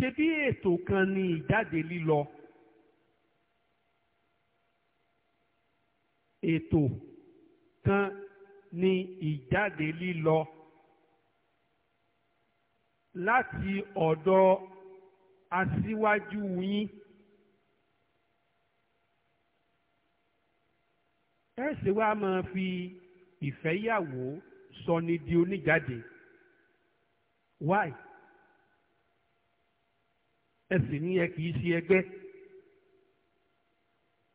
ṣe bí ètò kan ni ìjáde lílọ ètò kan ni ìjáde lílọ láti ọ̀dọ̀ aṣíwájú yín ẹ ṣe wá máa fi ìfẹ́yàwó sọ ni di oníjáde why. ẹ̀sìn ni ẹ kì í ṣe ẹgbẹ́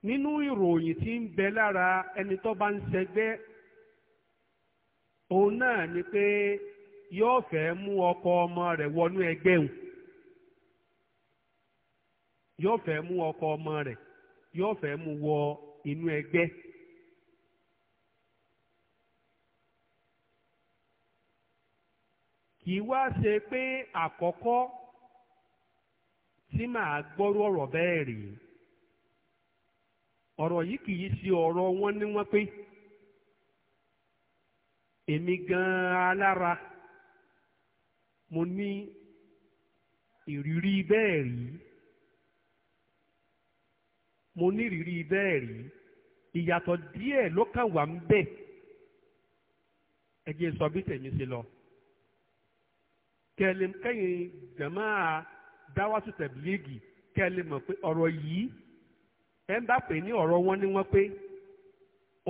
nínú ìròyìn tí ń bẹ lára ẹni tó bá ń ṣẹgbẹ́ òun náà ni pé yóò fẹ́ mú ọkọ ọmọ rẹ̀ wọnú ẹgbẹ́ òun yóò fẹ́ mú ọkọ ọmọ rẹ̀ yóò fẹ́ mú wọ inú ẹgbẹ́. kì í wá ṣe pé àkọ́kọ́ tí màá gbọ́rú ọ̀rọ̀ bẹ́ẹ̀ rí ọ̀rọ̀ yìí kì í ṣe ọ̀rọ̀ wọn ní wọ́n pé èmi gan-an alára mo ní ìrírí bẹ́ẹ̀ rí mo ní ìrírí bẹ́ẹ̀ rí ìyàtọ̀ díẹ̀ ló kàn wá ń bẹ̀ ẹ sọ bí tèmi ṣe lọ kẹlẹ́kẹ́yìn jẹ̀máà dáwàsù tẹ̀blígì kẹ́ ẹ lè mọ̀ pé ọ̀rọ̀ yìí ẹ ń bá pè ní ọ̀rọ̀ wọn ni wọ́n pé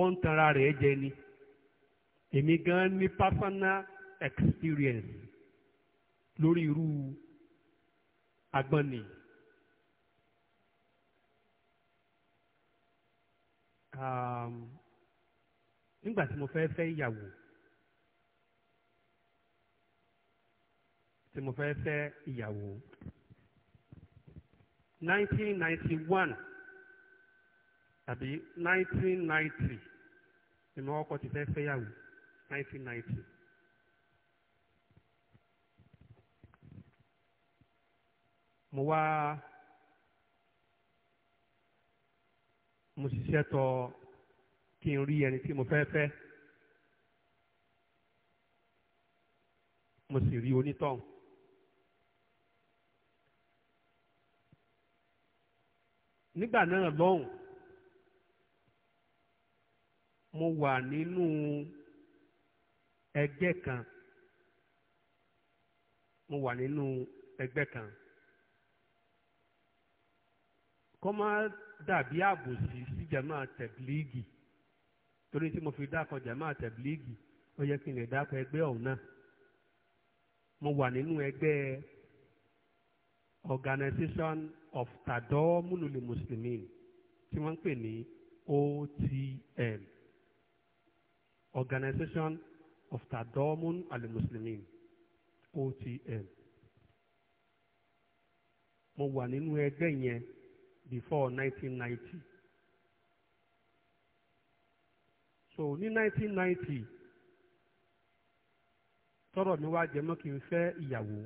ó ń tanra rẹ̀ jẹ ni èmi gan ní personal experience lórí irú agbọ́nì. Um, nígbà tí mo fẹ́ fẹ́ ìyàwó tí mo fẹ́ fẹ́ ìyàwó 1991 tàbí 1990 ni mo kọ́kọ́ ti fẹ́ fẹ́yàwó 1990. mo wá mo ṣiṣẹ́ tọ kí n rí ẹni tí mo fẹ́ fẹ́ mo sì rí onítọ̀hún. nígbà náà lọ́hùn mo wà nínú ẹgbẹ́ kan mo wà nínú ẹgbẹ́ kan kọ́ máa dàbí àbòsí sí jàmáà tẹ̀blíìgì torí tí mo fi dákọ̀ jàmáà tẹ̀blíìgì ó yẹ kí n lè dákọ̀ ẹgbẹ́ ọ̀hún náà mo wà nínú ẹgbẹ́ Organization of Tadọ́múnulè Muslimin tí wọ́n ń pè ní OTM Organization of Tadọ́múnulè Muslimin OTM mo wà nínú ẹgbẹ́ yẹn before 1990 so ní 1990 tọ́rọ̀ mi wá jẹ mọ́ kí n fẹ́ ìyàwó.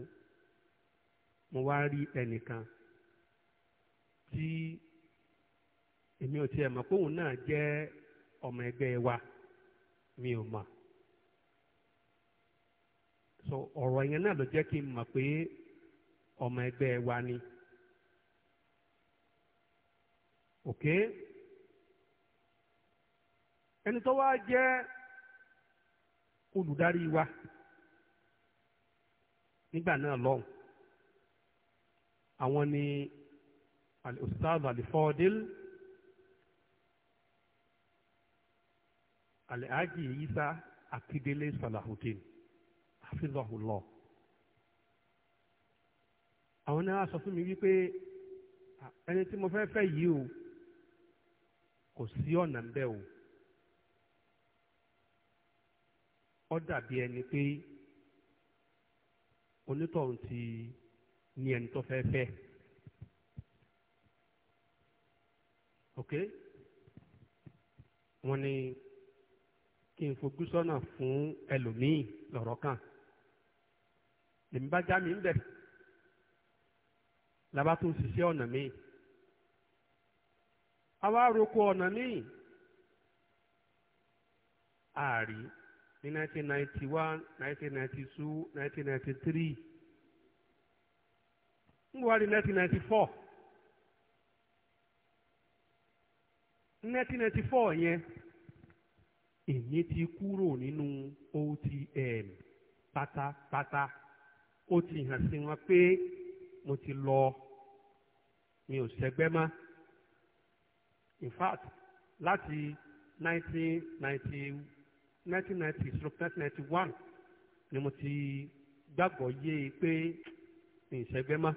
mo wá rí ẹnìkan tí èmi ò tiẹ̀ mọ̀ póun náà jẹ́ ọmọ ẹgbẹ́ wa mi ò mọ̀ so ọ̀rọ̀ yẹn náà ló jẹ́ kí n mọ̀ pé ọmọ ẹgbẹ́ wa ni ok ẹni tó wá jẹ́ olùdarí wa nígbà náà lọ́hùn. àwọn ni al-ustaz al-fadil alhaji isa akidele salahudin hafizahullah àwọn náà sọ fún mi wípé ẹni tí mo fẹ́ fẹ́ yìí o kò sí ọ̀nà ńbẹ́ o ó dàbí ẹni pé onítọ̀hún ti ni ẹni tó fẹ́ fẹ́ ok wọ́n ní kí n fojú sọ́nà fún ẹlòmíì lọ́rọ̀ kan lèmi bá já mi ń bẹ̀ làbá tó ń ṣiṣẹ́ ọ̀nà míì àwa roko ọ̀nà míì ààrí ní nineteen ninety one nineteen ninety two nineteen ninety three ń wá rí nineteen ninety four nineteen ninety four yẹn èmi ti kúrò nínú otm pátápátá ó ti hàn sí wọn pé mo ti lọ mi ò ṣẹgbẹ́ mọ́ in fact láti nineteen ninety nineteen ninety stroke nineteen ninety ni mo ti gbàgbọ́ yé e pé mi ò ṣẹgbẹ́ mọ́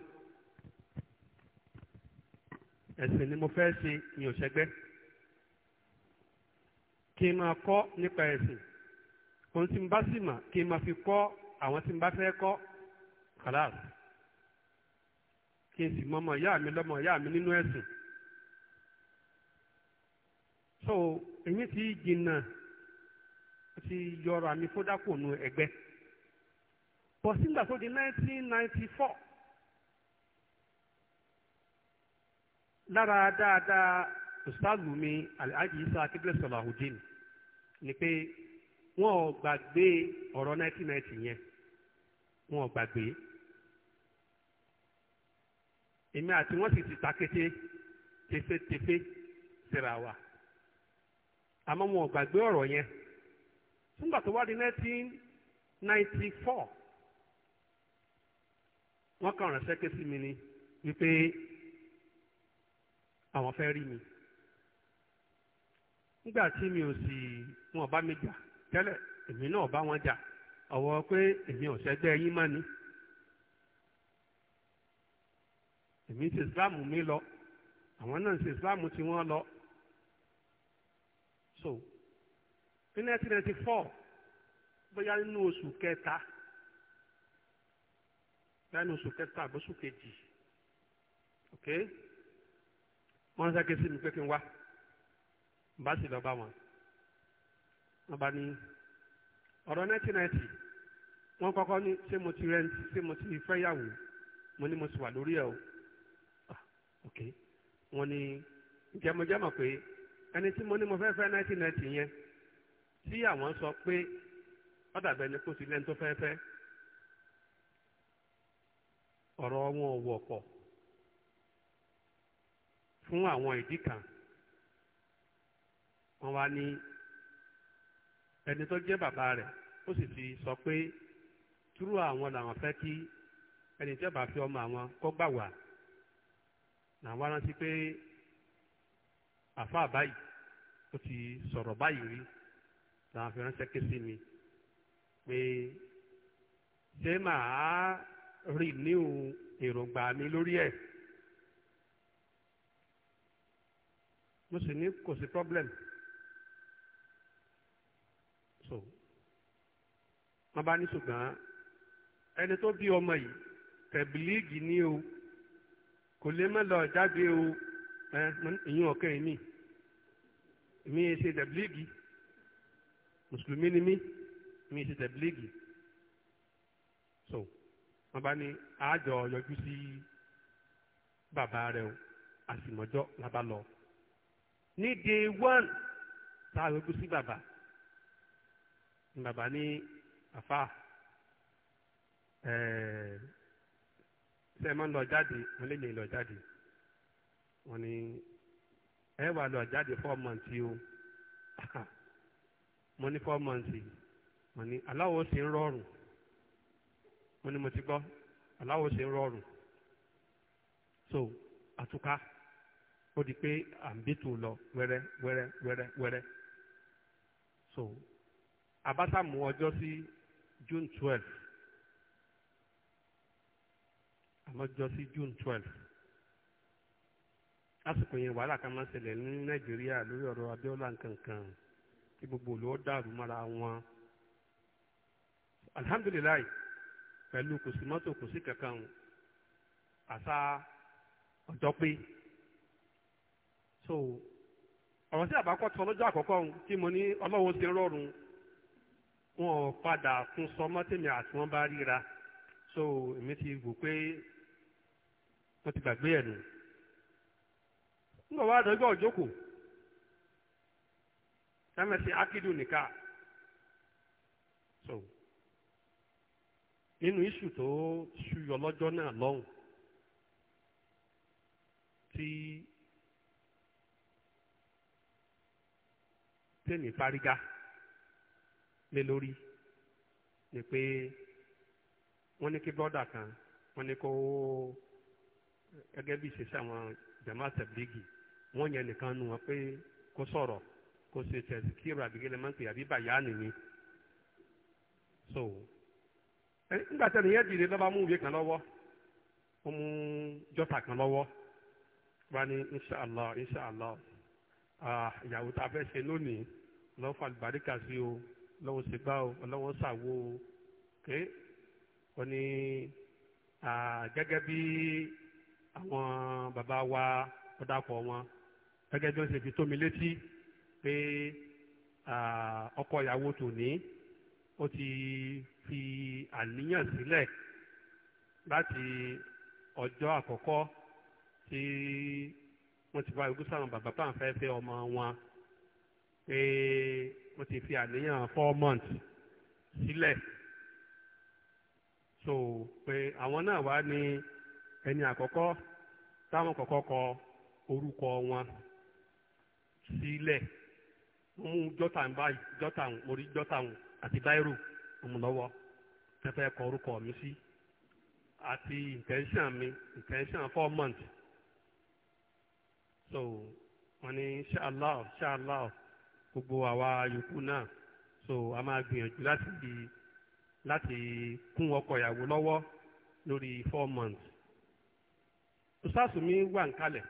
ẹ̀sìn ni mo fẹ́ ṣe mi ò ṣẹgbẹ́ kí n máa kọ́ nípa ẹ̀sìn ohun tí n bá sì mà kí n máa fi kọ́ àwọn tí n bá fẹ́ kọ́ kàlàs kí n sì mọ ìyá mi lọ́mọ ìyá mi nínú ẹ̀sìn so èmi ti jìnnà ti yọra mi fódà kò ẹgbẹ́ bọ̀ sígbà tó di nineteen ninety four. lára dáadáa ustaazu mi alhaji isa akíndélé salahudeen ni pé wọn ò gbàgbé ọrọ 1990 yẹn wọn ò gbàgbé èmi àti wọn sì ti takété tefetefe síra wa àmọ́ wọn ò gbàgbé ọrọ yẹn fún tó wá di 1994 wọ́n kàn ránṣẹ́ ké sí mi ni wípé àwọn fẹ́ rí mi nígbà tí mi ò sì wọn bá mi jà tẹ́lẹ̀ èmi náà bá wọn jà ọ̀wọ́ pé èmi ò ṣẹgbẹ́ yín mọ́ ni èmi ṣe islam mi lọ àwọn náà ṣe islam tí wọ́n lọ so ní 1994 bóyá nínú oṣù kẹta bóyá nínú oṣù kẹta àbóṣù kejì okay wọ́n sáré sí mi pé kí n wá bá sì lọ bá wọn wọ́n bá ní ọ̀rọ̀ 1990 wọ́n kọ́kọ́ ní ṣé mo ti rẹ́ǹtì ṣé mo ti fẹ́yàwó mo ní mo sì wà lórí ẹ̀ o ah, ok wọ́n ní jẹmọjẹmọ pé ẹni tí mo ní mo fẹ́ fẹ́ 1990 yẹn tí àwọn sọ pé ọ̀dàbẹ̀ ni kò sí lẹ́ni tó fẹ́ fẹ́ ọ̀rọ̀ wọn ò wọ̀ pọ̀ fún àwọn ìdí kan wọ́n wá ní ẹni tó jẹ́ bàbá rẹ̀ ó sì ti sọ pé túrú àwọn làwọn fẹ́ kí ẹni tí ó bá fi ọmọ àwọn kó gbà wá làwọn rántí pé àfáà báyìí ó ti sọ̀rọ̀ báyìí rí làwọn fi ránṣẹ́ ké sí mi pé ṣé màá rí níhùn èròǹgbà mi lórí ẹ̀. mo sì ní kò sí problem so wọ́n bá ní ṣùgbọ́n ẹni tó bí ọmọ yìí tẹ̀bílíìgì ní o kò lè má lọ jáde o ìyún ọ̀kẹ́ mi mi ẹ ṣe tẹ̀bílíìgì mùsùlùmí ni mí mi ẹ ṣe tẹ̀bílíìgì so wọ́n bá ní àjọ yọjú sí bàbá rẹ o àsìmọ́jọ́ la bá lọ. ní day one tá a yọjú sí bàbá ní bàbá ní àfa eh, ṣe máa ń lọ jáde wọn lè lè lọ jáde wọn ni ẹ wà lọ jáde four months o mo ní four months yìí mo ní aláwo ṣe ń rọrùn mo ní mo ti gbọ́ aláwo ṣe ń rọrùn so àtúká. ó di pé à ń bí tù lọ wẹ́rẹ́ wẹ́rẹ́ wẹ́rẹ́ wẹ́rẹ́ so abata mú ọjọ́ sí June twelve àmọ́jọ́ sí June twelve lásìkò yẹn wàhálà kan máa ń ṣẹlẹ̀ ní Nàìjíríà lórí ọ̀rọ̀ Abíọ́lá nkankan tí gbogbo olówó dàrú mọ́ra wọn alihamdulilayi pẹ̀lú kòsìmọ́tò kòsì kankan àṣà ọjọ́ pé so ọ̀rọ̀ sí àbákọ́ tó lọ́jọ́ àkọ́kọ́ tí mo ní ọlọ́wọ́ ti rọrùn wọn ò padà tún sọ mọ́tẹ́mi àti wọ́n bá ríra so èmi ti wò pé wọ́n ti gbàgbé ẹ̀ nù. nígbà wàá dọ́jọ́ òjókòó sámẹ́sì ákídù nìka so nínú iṣu tó ṣuyọ lọ́jọ́ náà lọ́hùn tí. tèmi pariga lé lórí ni pé wọ́n ní kí bọ́dà kan wọ́n ní kó gẹ́gẹ́ bí ìṣesí àwọn jama tẹ̀blígì wọ́n yẹn nìkan nu wọn pé kó sọ̀rọ̀ kó ṣe tẹ̀síkìrì àbíkẹ́lẹ́ máa ń pè àbí bàyá nìyí so nígbà tẹ́lẹ̀ yẹn dìde lọ́ba mú ìwé kan lọ́wọ́ ó mú jọ́tà kan lọ́wọ́ wọ́n á ní inṣàlá inṣàlá ìyàwó tá a fẹ́ ṣe lónìí lọ́wọ́ fa àlùbáríkà sí o lọ́wọ́ ṣe gbá o lọ́wọ́ ṣàwo o ké wọ́n ní gẹ́gẹ́ bí àwọn bàbá wa ọ̀dàpọ̀ wọn gẹ́gẹ́ bí wọ́n ṣe fi tó mi létí pé ọkọ ìyàwó tòní ó ti fi àníyàn sílẹ̀ láti ọjọ́ àkọ́kọ́ tí. Si wọ́n ti fa ìlú sáwọn bàbá pàm fẹ́ fẹ́ ọmọ wọn pé wọ́n ti fi àníyàn four months sílẹ̀ so pé àwọn náà wá ní ẹni àkọ́kọ́ táwọn kọ́kọ́ kọ orúkọ wọn sílẹ̀ mú jọ́tà jọta báyìí jọ́tà ń orí jọ́tà ń àti báírò òmùlọ́wọ́ tẹ́fẹ́ kọ orúkọ mi sí àti intention mi intention four months. so wọ́n ní inshallah inshallah gbogbo àwa yòókù náà so a máa gbìyànjú láti láti kún ọkọ ìyàwó lọ́wọ́ lórí four months ọ̀sásù mi wà nkálẹ̀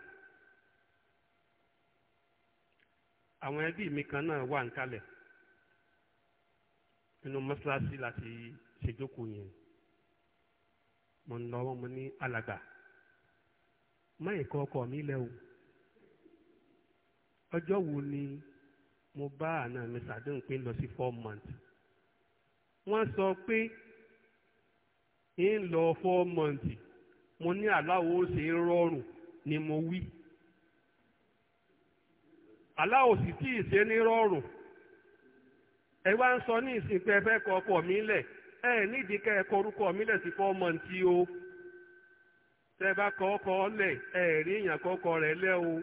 àwọn ẹbí mi kan náà wà nkálẹ̀ nínú mọ́ṣáláṣí láti ṣèjókòó yẹn mo ń lọ wọn mo ní alàgbà má ẹ̀kọ́ ọkọ mi lẹ́wọ̀. ọjọ́ wo ni mo bá àna mi sàdéhùn pé lọ sí four wọ́n sọ pé ń lọ four months mo ní aláwo ṣe ni mo wí aláwo sì tí ṣe ní rọrùn ẹ wá ń sọ ní ìsìnkú ẹ fẹ́ kọ ẹ nídìí ẹ kọ o bá kọ ọkọ lẹ̀ ẹ rí o.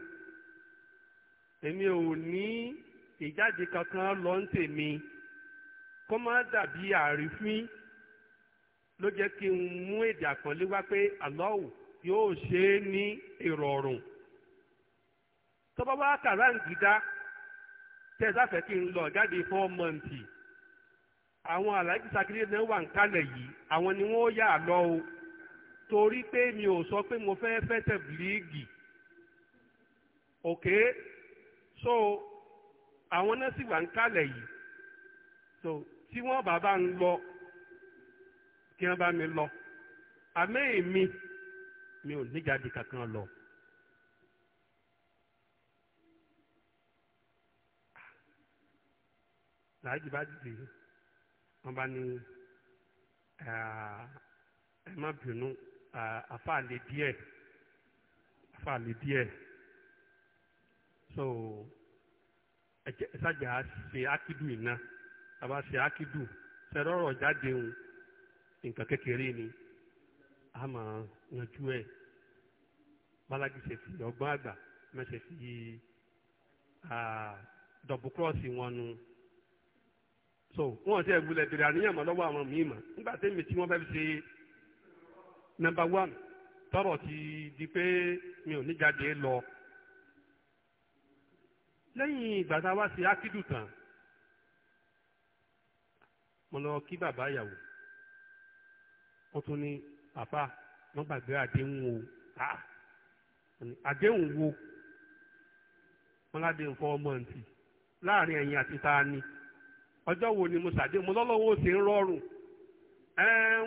èmi ò ní ìjáde kankan lọ ń tèmi kó má dàbí àrífín ló jẹ́ kí n mú èdè àpọ́nlé wá pé àlọ́wù yóò ṣe é ní ìrọ̀rùn tó bá wá kàràǹgídá tẹ́ ẹ sáfẹ́ kí n lọ jáde fọ́ mọ̀ǹtì àwọn aláàjì sakiri náà wà ń kalẹ̀ yìí àwọn ni wọ́n yà á lọ o torí pé mi ò sọ pé mo fẹ́ fẹ́ tẹ̀ bìlíìgì òkè. Okay? so àwọn náà sì wà ń kalẹ̀ yìí so tí wọ́n bá bá ń lọ kí wọ́n bá mi lọ àmọ́ èmi mi ò níjáde kankan lọ. láàjì bá dìde wọ́n bá ní ẹ má bínú àfàlè díẹ̀ àfàlè díẹ̀. so ẹ se akidu ina aba se akidu ákídù ṣẹlọ́rọ̀ jáde ń nǹkan ni a máa yanjú ẹ̀ bálágì ṣe fi ọgbọ́n àgbà fi so wọn ti ẹ̀gbọ́n lẹ́bìrì àníyàn mọ́ lọ́wọ́ àwọn míì mọ̀ nígbà tẹ́mi tí wọ́n fẹ́ fi one ti di mi ò ní lẹ́yìn ìgbà tá a wá sí ákídù tán mo lọ kí bàbá ìyàwó wọ́n tún ní bàbá wọ́n gbàgbé àdéhùn o àdéhùn wo wọ́n láde ń fọ ọmọ ntì láàrin ẹ̀yìn àti ta ni ọjọ́ wo ni mo ṣàdéhùn mo lọ́lọ́wọ́ ó ṣe ń rọrùn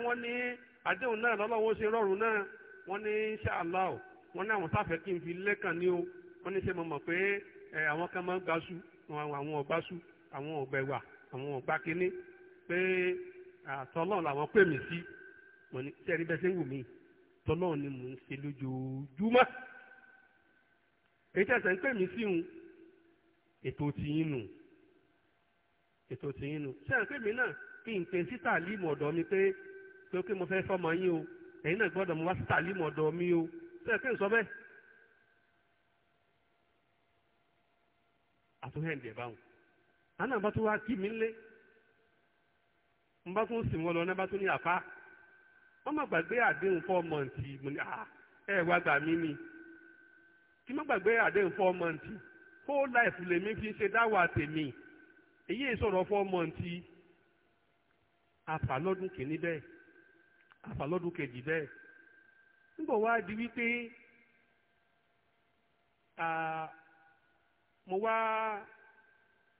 wọ́n ní àdéhùn náà lọ́lọ́wọ́ ó ṣe rọrùn náà wọ́n ní insha Allah wọ́n ní àwọn sáfẹ́ kí n fi lẹ́kàn ní o wọ́n ní ṣe mo mọ̀ pé àwọn kan máa ń gbásù àwọn ọ̀gbásù àwọn ọ̀gbẹ̀wà àwọn ọ̀gbákiní pé àtọ́lọ́ làwọn pè mí sí mo ní sẹ́rí bẹ́sẹ̀ wù mí tọ́lọ́ ni mò ń ṣe lójoojúmọ́ èyí tẹ̀sẹ̀ pè mí sí un ètò tìyín nù ètò tìyín nù sẹ́yìn pè mí náà kí n pè sí tàlímù ọ̀dọ́ mi pé pé ó pé mo fẹ́ fọ́mọ yín o ẹ̀yin náà gbọ́dọ̀ mo wá sí tàlímù ọ̀dọ́ mi o sẹ́yìn pè ń sọ bẹ́ẹ̀ àtúhẹ̀ǹdì ẹ̀ báwọn àná bá tó wá kí mi lé n bá tún sìn wọn lọ náà bá tún ní gbàgbé àdéhùn months ah, ẹ wá gbà mí ni kí má gbàgbé àdéhùn whole life lèmi fi ṣe dáwà tèmi èyí ìsọ̀rọ̀ four months àfà lọ́dún kìíní bẹ́ẹ̀ àfà lọ́dún kejì bẹ́ẹ̀ wá di wípé. Ah, mo wá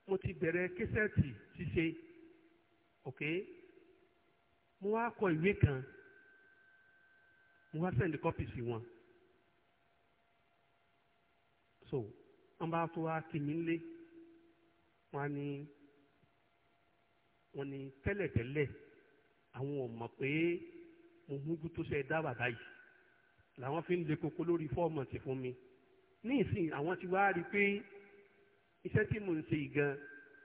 mo ti bẹ̀rẹ̀ késẹ́ẹ̀tì ṣíṣe ok mo wá kọ ìwé kan mo wá sẹ́ndì kọ́pì sí wọn so wọ́n bá tó wá kí mi lé wọ́n ní wọ́n ní tẹ́lẹ̀tẹ́lẹ̀ àwọn ò mọ̀ pé mo mújú tó ṣe dá bàbá yìí làwọn fi ń le koko lórí fọ́ọ̀mù ti fún mi ní ìsìn àwọn ti wá rí i pé iṣẹ́ tí mò ń ṣe yìí gan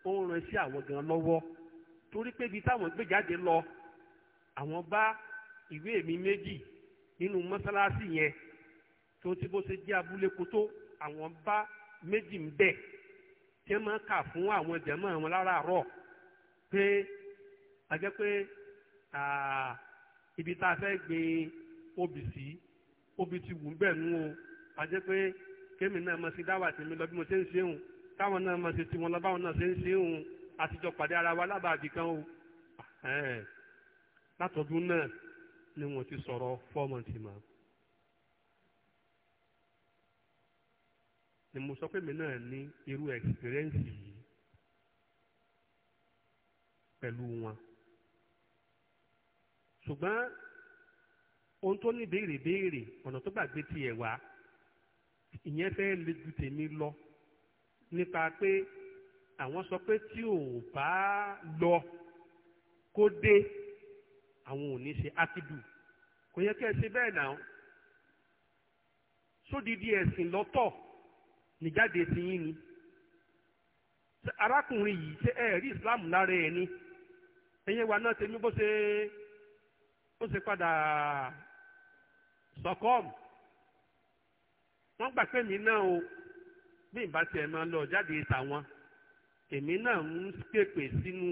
ó ń ran sí àwọn gan lọ́wọ́ torí pé ibi táwọn gbé jáde lọ àwọn bá ìwé mi méjì nínú mọ́sálásí yẹn tó ti bó ṣe jẹ́ abúlé kótó àwọn bá méjì ń bẹ̀ tí wọ́n máa kà fún àwọn jẹ̀mọ́ àwọn láràárọ̀ pé a jẹ́ pé ibi tá a fẹ́ gbin obì sí obì ti wù ń bẹ̀ nú o a jẹ́ pé kémi náà mo ṣe dáwà tèmi lọ bí mo ṣe ń ṣe hùn káwọn náà máa ṣe tí wọn lọ báwọn náà ṣe ń ṣe òun àtijọ́ pàdé ara wa lábàbí kan o látọdún náà ni wọn ti sọ̀rọ̀ fọ́ọ̀mọ̀tì mọ́. ni mo sọ pé mi náà ní irú ẹ̀kspírẹ́ǹsì yìí pẹ̀lú wọn. ṣùgbọ́n ohun tó ní béèrè béèrè ọ̀nà tó gbàgbé tiẹ̀ wá ìyẹn fẹ́ le ju tèmi lọ nípa pé àwọn sọ pé tí òun bá lọ kó dé àwọn ò ní ṣe ákídù kò yẹ kí ẹ ṣe bẹ́ẹ̀ náà sódìdí ẹ̀sìn lọ́tọ̀ níjáde sí yín ni arákùnrin yìí ṣe ẹ rí Islam lára ẹ ni ẹyẹ wa náà tẹmí bó ṣe bó ṣe padà sọkọọmù wọn gbà pé mi náà o bí ìbá tiẹ̀ máa lọ jáde tàwọn èmi náà ń pèpè sínú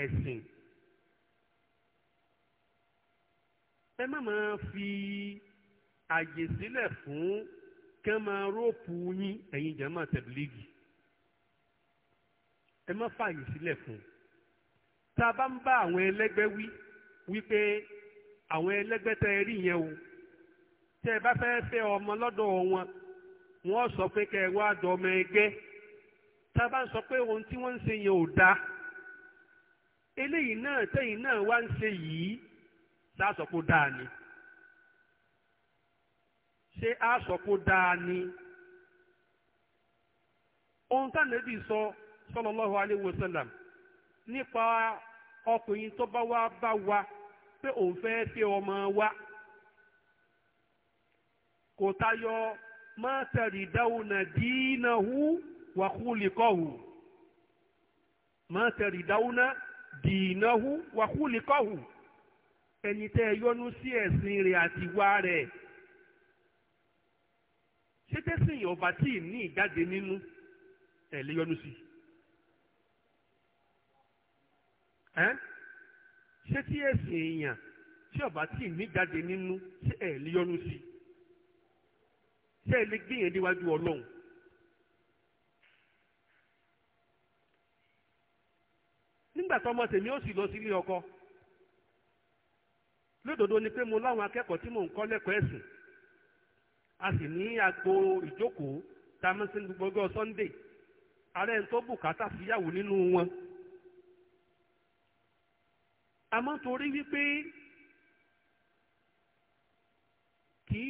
ẹ̀sìn. ẹ má máa fi àyè sílẹ̀ fún kí wọ́n máa róòpù yín ẹ̀yin jàmá tẹ̀bílíìgì ẹ má fààyè sílẹ̀ fún un. tá a bá ń bá àwọn ẹlẹ́gbẹ́ wí wípé àwọn ẹlẹ́gbẹ́ tẹ ẹ rí yẹn o tẹ ẹ bá fẹ́ fẹ́ ọmọ lọ́dọ̀ wọn wọ́n sọ pé kẹ́ ẹ wá dọmọ ẹgbẹ́ tá a bá ń sọ pé ohun tí wọ́n ń ṣe yẹn ò dáa eléyìí náà tẹ́yìn náà wá ń ṣe yìí tá a sọ pé dáa ni ṣé a sọ pé ó dáa ni ohun tánàbí sọ sallallahu alaihi wasallam nípa ọkùnrin tó bá wá bá wa pé òun fẹ́ fẹ́ ọmọ wa kò tayọ. ma taridawna dinahu wa khuliqahu ma taridawna dinahu wa khuliqahu ẹni tẹ́ ẹ yọ́nú sí ẹ̀sìn rẹ̀ àti wá rẹ̀ ṣé tẹ́sìn ọba tí ì ní ìjáde nínú ẹ̀ lè yọ́nú sí ẹ́ ṣé tí ẹ̀sìn èèyàn tí ọba tí ì ní ìjáde nínú ẹ̀ lè yọ́nú sí ṣé ẹ lè gbìyànjú níwájú ọlọ́run. nígbà tó ọmọ tèmi ó sì lọ sílé ọkọ lódodo ni pé mo láwọn akẹ́kọ̀ọ́ tí mò ń kọ́ lẹ́kọ̀ọ́ ẹ̀sìn a sì ní agbo ìjókòó tá a máa ń sin gbogbo Sunday ààrẹ ń tó bùkátà síyàwó nínú wọn. àmọ́ torí wípé kì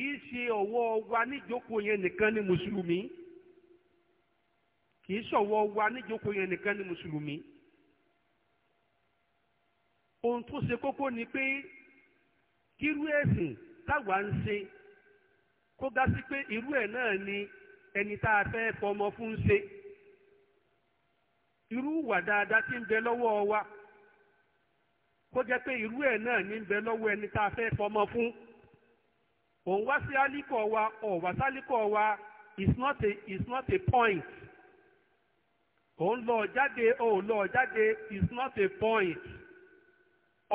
í ṣe ọwọ́ wa níjókòó yẹn nìkan ni mùsùlùmí kì í ṣọwọ́ wa níjókòó yẹn nìkan ni mùsùlùmí ohun tó ṣe kókó ni pé kírú ẹ̀sìn táwa ń ṣe kó dá sí pé irú ẹ̀ náà ni ẹni tá a fẹ́ fọmọ fún ṣe irú ìwà dáadáa tí ń bẹ lọ́wọ́ wa kó jẹ́ pé irú ẹ̀ náà ni ń bẹ lọ́wọ́ ẹni tá a fẹ́ fọmọ fún. òun wá sí alíkọ̀ wa ọ̀ wá sálíkọ̀ wa it's not a is not a point o n lọ jáde òun lọ jade is not a point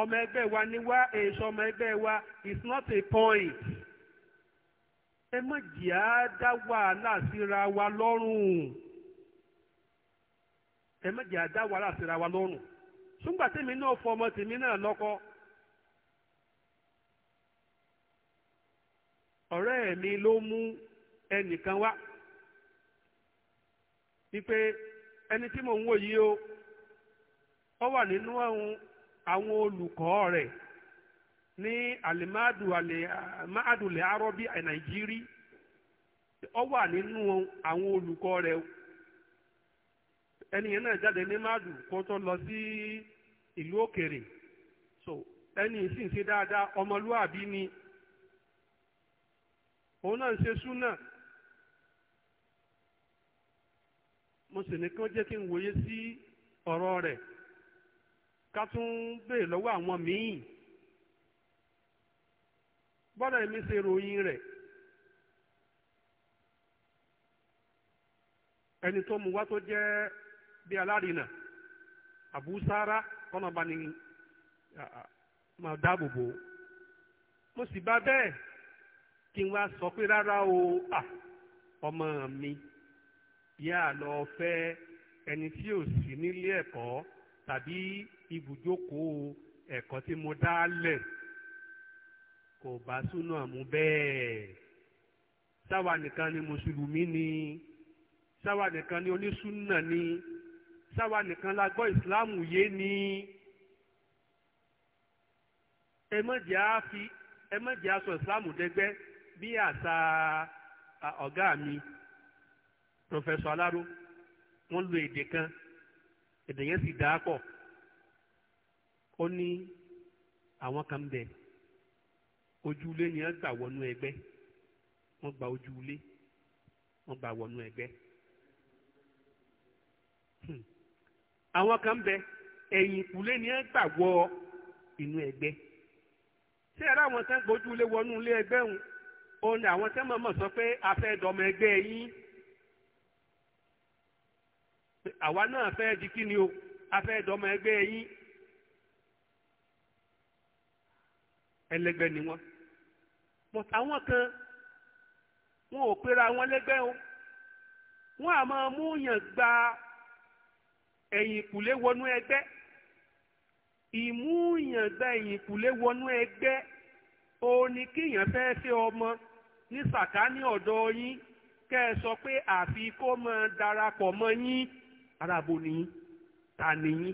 ọmọ ẹgbẹ́ wa ni wa èso ọmọ ẹgbẹ́ wa is not a point ẹ má jìá dá wàhálà síra wa lọ́rùn ẹ má jìá dá wàhálà síra wa lọ́rùn ṣùgbọ́n tèmi náà fọ ọmọ tèmi náà lọ́kọ́. ọ̀rẹ́ mi ló mú ẹnìkan wá wípé ẹni tí mò ń wò yìí o ó wà nínú àwọn olùkọ́ rẹ̀ ní alimadu alimadulẹ̀ arọ́bí nàìjírí ó wà nínú àwọn olùkọ́ rẹ̀ ẹni yẹn náà jáde ní madu kó tó lọ sí ìlú òkèrè so ẹni sì ń ṣe dáadáa ọmọlúwàbí ni. òun náà ń ṣe súnà mo sì ní kí wọ́n jẹ́ kí n wòye sí ọ̀rọ̀ rẹ̀ ká tún béèrè lọ́wọ́ àwọn míì bọ́dà èmi ṣe ròyìn rẹ̀ ẹni tó mu wá tó jẹ́ bí alárinà àbúsára kọ́nà bá ní máa dáàbò bò mo sì bá bẹ́ẹ̀. kí n wá sọ pé rárá o ọmọ mi yá lọ fẹ́ ẹni tí ò sí nílé ẹ̀kọ́ tàbí ibùjókòó ẹ̀kọ́ tí mo dá lẹ̀ kò bá súnà mú bẹ́ẹ̀ sáwa nìkan ni mùsùlùmí ni sáwa nìkan ni onísúnà ni sáwa nìkan la gbọ́ ìsìláàmù yé ni ẹ má á fi ẹ má á sọ ìsìláàmù dẹgbẹ́ bí àṣà ọ̀gá mi pòfẹ́sọ̀ aláró wọ́n lo èdè kan èdè yẹn sì dáa pọ̀ ó ní àwọn kan bẹ̀ ojúlé ni gbà wọnú ẹgbẹ́ wọ́n gba ojúlé wọ́n gba wọnú ẹgbẹ́ hmm. àwọn kan bẹ̀ ẹ̀yìn ìkùlé ni wọ́n gbà wọ inú ẹgbẹ́ ṣé ẹ láwọn kan gbójúlé wọnú ilé ẹgbẹ́ òun òun ni àwọn tẹ́ mọ̀mọ́ sọ pé a fẹ́ dọmọ ẹgbẹ́ yín àwa náà fẹ́ di kí ni o a fẹ́ dọmọ ẹgbẹ́ yín ẹlẹgbẹ́ ni wọ́n but àwọn kan wọn ò pera wọn lẹ́gbẹ́ o wọn à máa mú yàn gba ẹ̀yìn kùlé wọnú ẹgbẹ́ ìmú yàn gba ẹ̀yìn kùlé wọnú ẹgbẹ́ òun ni kíyàn fẹ́ ṣe ọmọ ní sàkání ọ̀dọ̀ yín kẹ́ ẹ sọ pé àfi kó máa darapọ̀ mọ́ yín arábò nìyí ta nìyí.